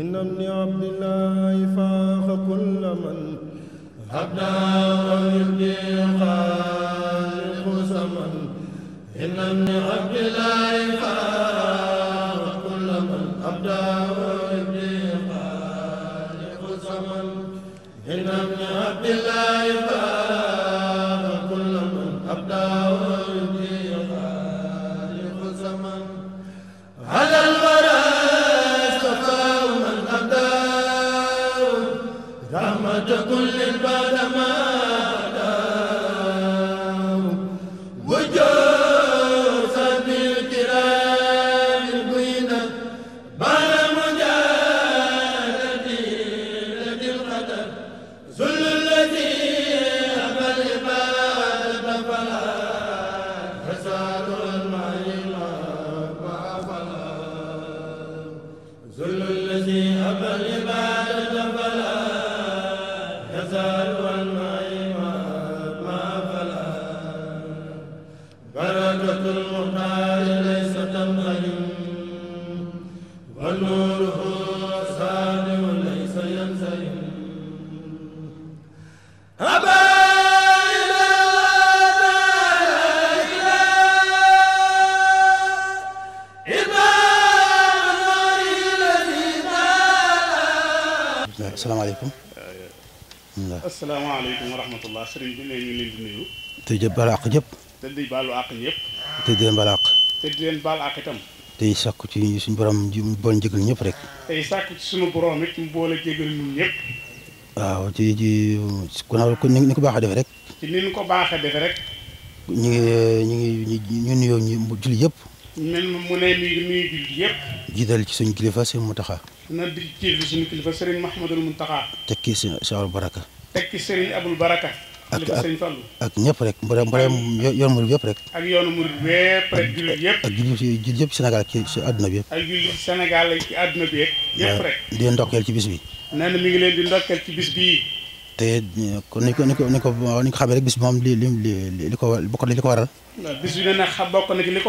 إن ابن عبد الله فاق كل من هبنا ويبدي خالق سمن إن ابن عبد الله فاق salaamaaleykum. asalaamaaleykum wa rahmatullah sëriñ bi nee ñu leen di nuyu. te di baalu àq ñëpp. te di baalu àq ñëpp. te di leen baalu àq. te di leen baalu àq itam. tey sàkku ci suñu borom ji mu boole jégal ñëpp rek. tey sàkku ci suñu borom it mu boole jégal ñun ñëpp. waaw ci ci ku ne ni ko baax a defee rek. ci ni ko baax ñu ngi ñu ngi ñu nuyoo ñu julli yëpp. mel mu ne mi ngi nuyu yëpp. jiital ci suñu kilifa sëriñ Mountakha. na di jiital suñu kilifa sëriñ Mouhamadul Mountakha. tekki sëriñ Abul Baraka. ak ak rek mboolem mboolem yoonu murid yëpp rek. ak yoonu murid yëpp rek jullit yëpp. Sénégal ci ci àdduna bi yëpp. ci rek. di ndokkeel ci bis bi. nee na ngi leen di ndokkeel ci bis bii. te ni ko ni ko ko ni ko xamee rek bis bi moom ko bokk na li ko waral. bis bi nee na xam bokk na ci li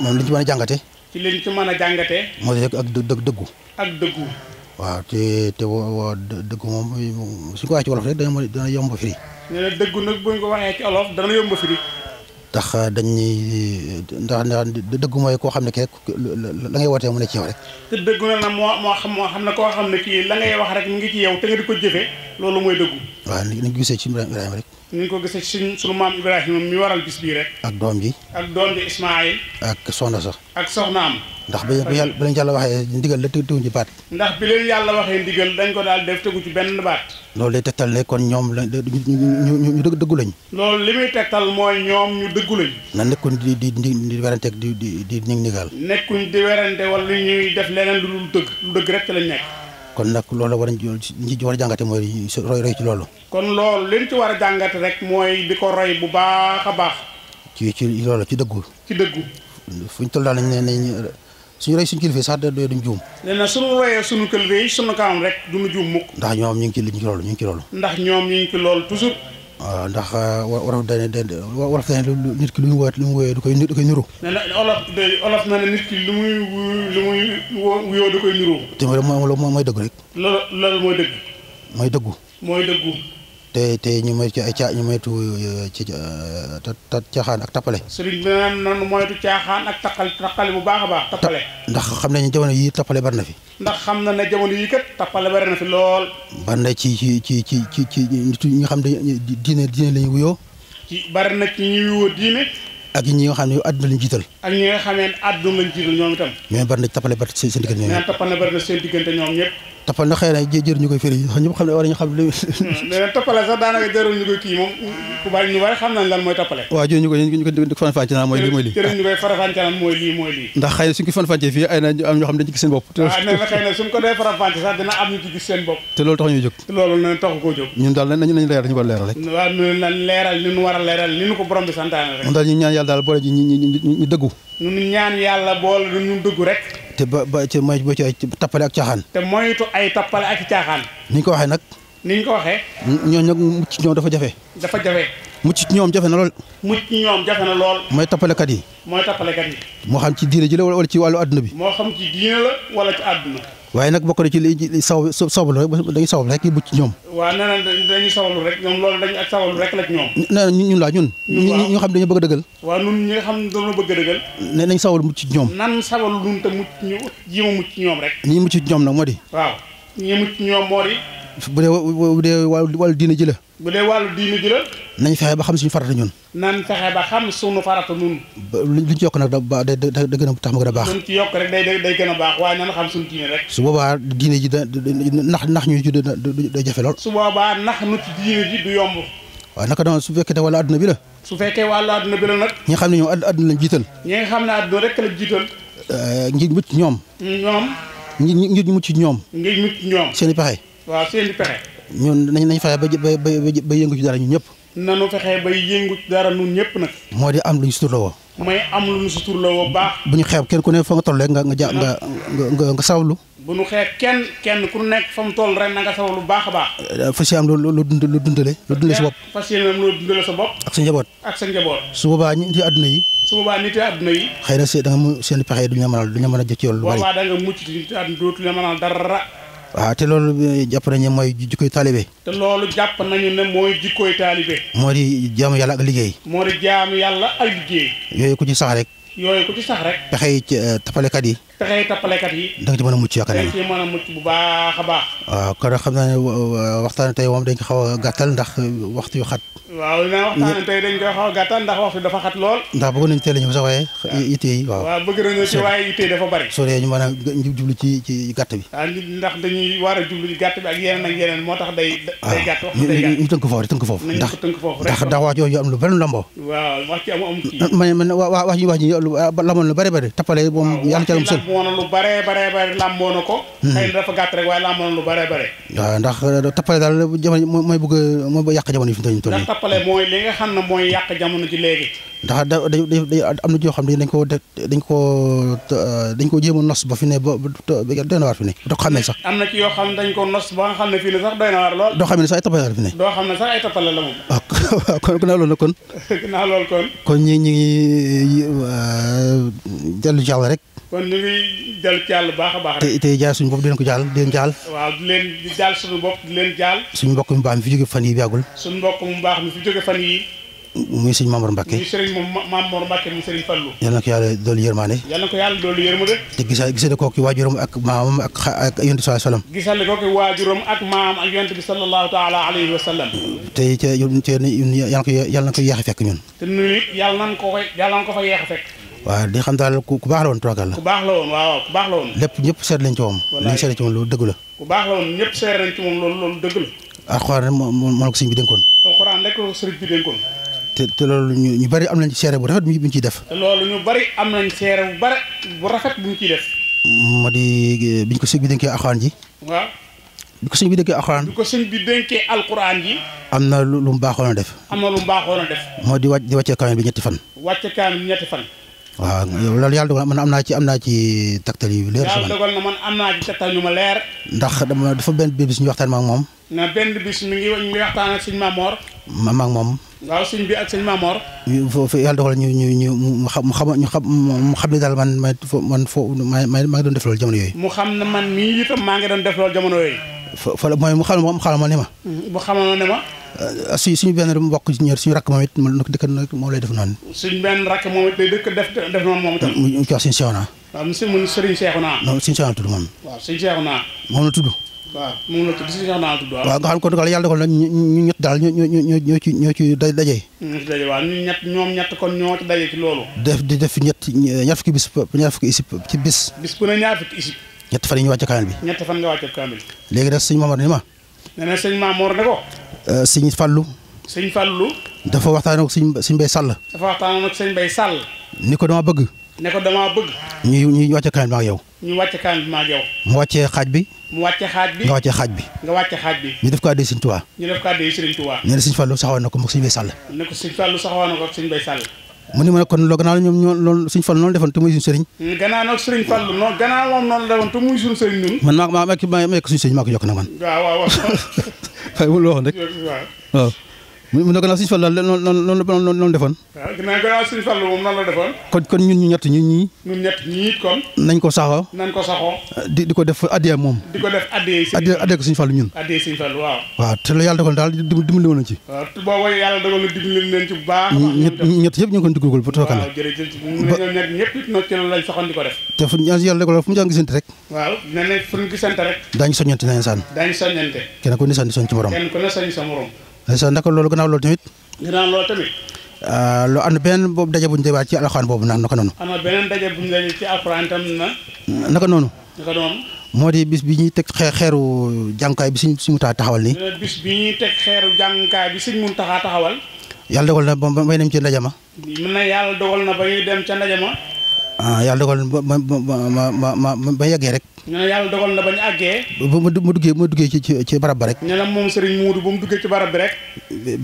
moom li ci mën a jàngate. ci li ci mën a jàngate. moo di ak dëggu. waaw te te woo dëggu moom suñu ko waxee ci wolof rek dana yomb firi nee na dëggu nag buñ ko waxee ci olof dana yomb a firi. ndax dañ ñuy ndax dëggu mooy koo xam ne kii la ngay wootee mu ne ci yow rek. te dëggu nag moo moo xam moo xam ne koo xam ne kii la ngay wax rek mu ngi ci yow te nga di ko jëfee loolu mooy dëggu. waaw ni ñu ko gisee ci Ibrahima Ibrahima rek. ni ñu ko gisee ci sunu maam mi waral bis bii rek. ak doom ji. ak doom ji Ismaayil. ak soxna sax. ak soxnaam. ndax bi yàlla leen yàlla waxee ndigal la tegu ci baat. ndax bi leen yàlla waxee ndigal dañ ko daal def tegu ci benn baat. loolu lay tegtal ne kon ñoom la ñu ñu dëggu lañ. loolu li muy tegtal mooy ñoom ñu dëggu lañ. na nekkuñ di di di di werante di di di di ndigal. nekkuñ di werante wala ñuy def leneen lu dul dëgg lu dëgg rek lañ nekk. kon nag loolu war a ñu ci war a jàngate mooy roy roy ci loolu. kon loolu li ci war a jàngate rek mooy di ko roy bu baax a baax. ci ci loolu ci dëggu. ci dëggu. fu ñu toll daal nañ ne suñu roy suñu kilifa sax da doy duñ juum. nee na su royee suñu kilifa yi suñu kanam rek duñu juum mukk. ndax ñoom ñu ngi ci loolu ñu ngi ci loolu. ndax ñoom ñu ngi ci loolu toujours. waaw ndax euh, wolof dane de wolof dane nit ki lu ñu woowee lu mu wooyee du koy du koy niru olof na nit ki lu muy lu muy wuyoo du koy niru te mooy mooy rek loolu mooy dëggu mooy dëggu te te ñu moytu ay ca ñu moytu euh, ci euh, ta caaxaan ak tappale sëriñ bi naan nanu moytu caaxaan ak tappale bu baax a baax tappale ndax xam nañu ñu yi yii bari na fi ndax xam na ne jamono yi kat tappale bari na fi lool bari na ci ci ci ci ci ci ñi nga xam ne diine diine la ñu wuyoo ci bari na ci ñuy wuyoo diine ak ñi nga xam ne àdduna lañ jiital ak ñi jiital ñoom itam mais bari na tappale bari seen diggante ñoom ñëpp toppal na xëy na jër ñu koy firi yi ñëpp xam ne war nañu xam lu leen toppale sax daanaka jarul ñu xam nañ lan mooy toppale waaw jërëjëf ñu koy ñu koy faram lii mooy lii ndax xëy na ko dee faram sax dina am ñu ci seen bopp te loolu tax ñu war ñu nañ leeral ñu war ñu ñaan yàlla daal boole dëggu ñu ñaan yàlla boole ñu dëggu rek te ba ba ci mooy ba ci ay tappale ak caaxaan. te moytu ay tappale ak caaxaan. ni ñu ko waxee nag. ni ko waxee. ñoo nag mucc ci ñoom dafa jafe. dafa jafe. mucc ñoom jafe na lool. mucc ñoom jafe na lool. mooy tappalekat yi. mooy tappalekat yi. moo xam ci diine ji la wala ci wàllu adduna bi. moo xam ci diine la wala ci adduna. waaye nag bokk na ci li saw sawlu rek dañuy sawlu rek bu ci ñoom waaw ñoom loolu dañu ak sawlu rek la ci ñoom nee na ñun laa ñun ñu nga xam dañu bëgg a dëggal waaw ñun ñi nga xam ne bëgg a dëggal ne nañ sawlu mucc ci ñoom nan sawlu ñun te mucc ñu jéem mucc ñoom rek ñi mucc ci ñoom nag moo di waaw ñi mucc ñoom moo di bu dee bu dee wàllu diina ji la. bu dee wàllu diina ji la. nañ fexe ba xam suñu farata ñun. nañ fexe ba xam suñu farata ñun. ba luñ ci yokk nag da da gën a tax mu gën a baax. luñ ci yokk rek day day gën a baax waaye nan xam suñu diine rek. su boobaa da nax da da jafe lool. su boobaa nax nu ci diine ji du yomb. waaw naka dama su fekkee wàllu adduna bi la. su fekkee wàllu adduna bi la nag. ñi nga xam ne ñoom adduna lañ jiital. ñi nga xam ne adduna rek lañ jiital. Euh, ngir mucc ñoom. ñoom. ngir mucc ñoom. ngir mucc ñoom. seen pexe waaw seen di pexe. ñun nañ nañ fexe ba ba ba yëngu ci dara ñun ñëpp. nanu fexe bay yëngu ci dara ñun ñëpp nag. moo di am lu ñu suturloo. mooy am lu ñu suturloo baax. bu ñu xeeb kenn ku ne fa nga toll rek nga ja nga nga nga sawlu. bu ñu xeeb kenn kenn ku nekk fa mu toll rek na baax a baax. fas yéene am lu lu dund lu dundale. lu dundale sa bopp fas yéene am lu dundale sa bopp. ak sa njaboot ak sa njaboot. yi. su boobaa nit yi yi. xëy na seen da nga mu seen pexe yi duñu a jëc ci yoon lu bari. dara waa ah, eh, te loolu jàpp nañu mooy jikkoy taalibe ne mooy jikkoy taalibe moo di jaamu yàlla ak liggéey yooyu ku ci sax rek yooyu ku ci sax rek pexey tapalekat yi pexey eh, tapalekat yi da ci mën a mucc yaakaar naa ci mën a mucc bu baax a baax waaw ah, kon xam na ne waxtaan tey woom dañ ko xaw a gàttal ndax waxtu yu xat waaw naa waxtaan tey dañ koy xaw a gàttal ndax waxtu dafa xat lool ndax bëgg nañ teel a ñëw sax waaye ah. yitte yi waaw waaw bëgg nañu ci waaye yitte dafa bari soo dee a jublu ci ci gàtt bi ah, waaw a jublu ci gàtt bi ak yeneen ak yeneen moo tax day day ah. gàtt wax day gàtt ñu tënk foofu rek tënk foofu ndax tënk foofu rek ndax wax jooju am lu bari lamboo waaw wax ci amu am kii man man wax ji wax ji lamoon lu bari bari tappale moom yàlla ci lu bari bari bari na ko hmm. xëy waaw ndax euh, tappale daal jamono mooy bëgg mooy ba yàq jamono fi mu toll ndax tappale mooy li xam ne mooy yàq jamono ji léegi ndax da dañ dañ am na ñoo xam ne dañ ko dañ ko euh, dañ ko jéem a nos ba fi ne ba doy na waar fi ne doo xamee sax am na ci yoo xam ne dañ ko nos ba xam ne fii ne sax na waar lool doo xam ne sax ay tappale la ne doo xam ne sax ay tappale la moom waaw ah, kon ginnaaw loolu kon ginnaaw loolu kon kon ñi ñi ngi euh, dellu ci rek kon ñu ngi jël jàll baax a baax. te tey jaal suñu bopp di leen ko jaal di leen jaal. waaw di leen di jaal suñu bopp di leen jaal. suñu mbokk mu baax fi jóge fan yi yàggul. suñu mbokk mu baax mi fi jóge fan yi muy sëñ Mamour Mbacke muy sëriñ Mamour Mbacke yal na ko yàlla doolu yërmaane yal na ko yàlla doolu yërmaane te ak maamam ak ak yonent bi sallallahu alayhi wa sallam gisale te ca yal na ko yàlla na ko a fekk ñun te ñun it yàlla ko yàlla a fekk waaw di xam daal ku baax la woon toogal la ku baax la woon lépp ñëpp seet lañ ci moom lañ seet ci moom loolu dëgg la ku baax la woon ñëpp seet lañ ci moom loolu loolu dëgg la alxuraan bi dénkoon alxuraan rek la te te loolu ñu ñu bari am nañ seere bu bu ñu ciy def te loolu ñu bari am nañ seere bu bari moo di eh, biñ ko sëriñ bi dénkee ji waaw bi ko sëñ ko sëñ na lu mu def. a def. moo di wàcc ñetti fan. wàccee kaamil ñetti fan. waaw loolu yàlla dogal man am naa ci am naa ci taktal yu leer. yàlla dogal na man am naa ci taktal yu ma leer. ndax dama dafa benn bis ñu waxtaan ma moom. na benn bis ma ma ak moom. waaw sëñ bi ak sëñ Mamor. foofu yàlla dogal ñu ñu mu xam xam mu xam ne daal man man fo man fo maa maa ngi doon def loolu jamono yooyu. mu xam ne ngi doon def loolu jamono yooyu. fa fa mooy mu xam ne moom xamal ne ma. mu xamal ne ma. Euh, suñ suñu benn mbokk ci ñër suñu rakk moom it moom dëkk moom lay def noonu. suñ benn rakk moom it mu jox suñu seexu naa. mu Seexu naa. moom. waaw tudd. waaw nga xam kon yàlla na ñu ñett daal ñoo ñoo ñoo ñoo ci ñoo ci daje. ñoo ci daje ñoom ñett kon ñoo daje ci loolu. def di def ñett ñaar fukki bis ñaar fukki isib ci bis. bis bu ne ñett fan yi ñu wàcce bi. ñett fan nga wàcce kaamil. léegi nag sëñ Mamor ni ma. sëñ Fallou. sëñ Fallou. dafa waxtaan ak sëñ sëñ Bay Sall. dafa waxtaan ak sëñ Bay Sall. ni ko dama bëgg. ne ko damaa bëgg. ñuy ñuy wàcce kaamil bi ak ñu wàcce kaamil bi ak yow. mu wàccee bi. mu wàcce xaaj bi nga wàcce xaaj bi. nga wàcce xaaj ñu def ko àddee Sëñ Tuubaa. ñu def ko àddee Sëñ Tuubaa. na ko moog sëñ Bay Sall. ne ko sëñ Fallou saxoon ko ak sëñ Bay Sall. mu ni ma kon loo gannaaw ñoom ñoo loolu sëñ Fallou noonu defoon te muy suñu sëriñ. gannaaw nag sëriñ Fallou noonu gannaaw moom man maa maa maa suñu sëriñ maa ko yokk nag man. xëy ma loo waxoon rek waaw. mu ne gannaaw suñu fàllu la noonu noonu noonu defoon. waaw ah, gannaaw suñu fàllu moom noonu la defoon. kon kon ñun ñu ñett ñun ñii. ñun ñett ñii it kon. nañ ko saxoo. nañ ko saxoo. Ah, di di ko def addiya waaw. te la yàlla dogal daal dimbali woon ah, dogal na dimbali ñett ñett ñu ngi ko dugal ba toogal. waaw jërëjëf ñoom ñett ñëpp it nag ci loolu lañ saxoon di ko def. te fu yàlla dogal fu mu jàng gisante rek. waaw ne ne fu ñu gisante rek. daañu kenn ku ne sànni soñ ci sa naka loolu gannaaw loolu tamit. gannaaw loolu tamit. Ah, lu am benn boobu daje bu ñu dewaat ci alxuraan boobu nag naka noonu. na beneen daje bu ñu daje ci alxuraan naka noonu. moo di bis bi ñuy teg xeer xeeru jàngukaay bi suñ suñu taxawal nii. bis bi ñuy teg xeeru jàngukaay bi suñ mun taxaa taxawal. yàlla dogal na ba may dem ci ndaje ba ñuy dem ca ndaje ma. ah yàlla dogal ma ma ma ma ba yeggee rek. ñu ne yàlla ma duggee ma duggee ci ci ci barab ba rek. ñu ne moom Serigne Moodu ba mu duggee ci barab bi rek.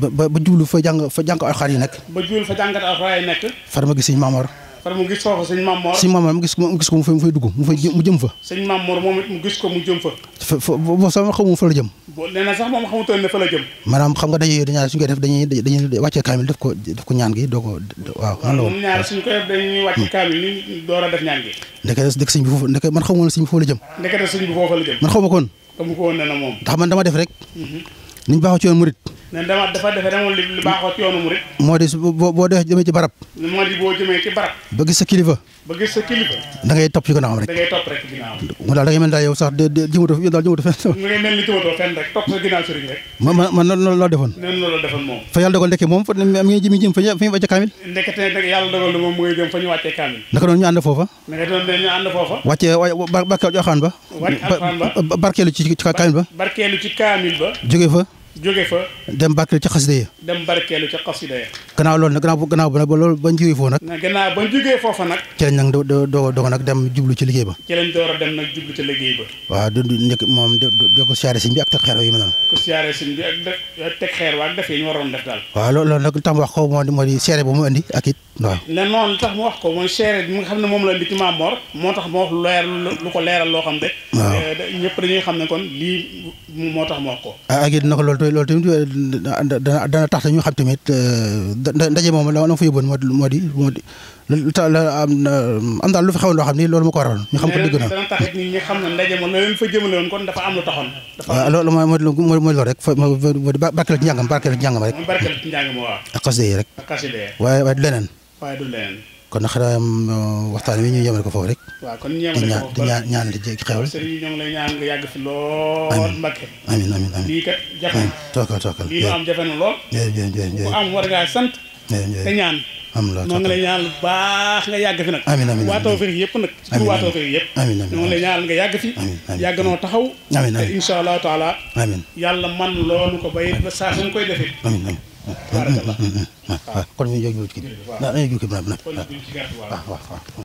ba ba fa jàng fa jàng alxuraan yi nekk. ba jublu fa jàngat alxuraan nekk. far ma gis Serigne Mamor. far mu gis foofu sëñ Mamor sëñ Mamor mu gis ko mu gis ko mu fay mu mu fay mu jëm fa sëñ Mamor moom mu gis ko mu jëm fa boobu sax xamul fa la jëm nee na sax moom maanaam xam nga dañuy yooyu dañaar suñ def dañuy dañuy wàccee kaamil def ko def ko ñaan ko waaw nan la woon ñaar suñ koy def dañuy wàcce hmm. kaamil ni door a def ñaan gi ndeke dëkk sëñ bi foofu ndeke man bi foofu la jëm ndeke sëñ bi foofu la jëm man xamuma ko woon ko woon nee na moom ndax man dama def rek mhm. niñ baaxoo ci yoon murit ne dama dafa defe demoon li li moo di boo boo dee jëmee ci barab. moo boo jëmee ci barab. ba gis sa kilifa. ba gis sa kilifa. da ngay topp ci ginnaawam rek. da ngay topp rek ci de de jëmatoo yow daal jëmatoo fenn. mu ngay mel ni jëmatoo fenn rek topp sa ginnaaw sëriñ rek. ma ma man noonu la defoon. noonu la defoon moom. fa yàlla dogal ndekke moom fa ñu wàcce kaamil. ndekete nag ñu ànd foofa. naka noonu ñu ànd foofa. ba. barkeelu ci kaamil ba. barkeelu ci kaamil ba. jóge fa jóge fa. dem barkeelu ca xasida ya. dem barkeelu ca xasida ya. gannaaw lool nag gannaaw gannaaw ba loolu bañ jógee foofu nag. gannaaw bañ jógee foofa nag. ci lañ nag do do nag dem jublu ci liggéey ba. ci lañ door a dem ci liggéey ba. waaw du moom de de ko siyaare sëñ bi ak teg xeer yi mu noonu. ko siyaare waa def yi ñu waroon a daal. waaw loolu loolu nag tam di moo di seere bu mu ak it waaw. ne noonu tax mu wax ko mooy seere bi nga xam ne moom la indi ci Maam moo tax mu wax lu ko leeral loo xam de. waaw eh, ñëpp dañuy xam ne kon moo tax mu wax ko. Ah, ak it nag loolu tamit loolu tamit euh, dana tax ñu xam tamit euh, ndaje moom la ma fa yóbbuwoon moo di moo di moo di am daal lu fi xewoon loo xam ni loolu moo ko waraloon. ñu xam ko dëgg na dana tax nit ñi xam ne ndaje moom la leen fa jëmale woon kon dafa am lu taxoon. waaw loolu mooy mooy mooy loolu rek fa moo di barkeel ci ci njàngam rek. barkeel ci njàngam waaw. ak xasida yi rek. waaye waaye du leneen. kon xanaa um, waxtaan wi ñu yemale ko foofu rek. waaw kon ñu yemale ko foofu di ñaan di ñaan di jéggi xewal. sëriñ ñoo nga yàgg fi lool. Mbacke amiin amiin amiin lii kat jafe na. tookal tookal lii am jafe na am war ngaa sant. jërëjëf te ñaan. alhamdulilah noo ngi nga yàgg noo ñaan nga yàgg fi. yàgg noo taxaw. amiin amiin te yàlla man loolu ko ba saa su koy defee. kon ñu jóg ñu wut kii bi waaw waaw waaw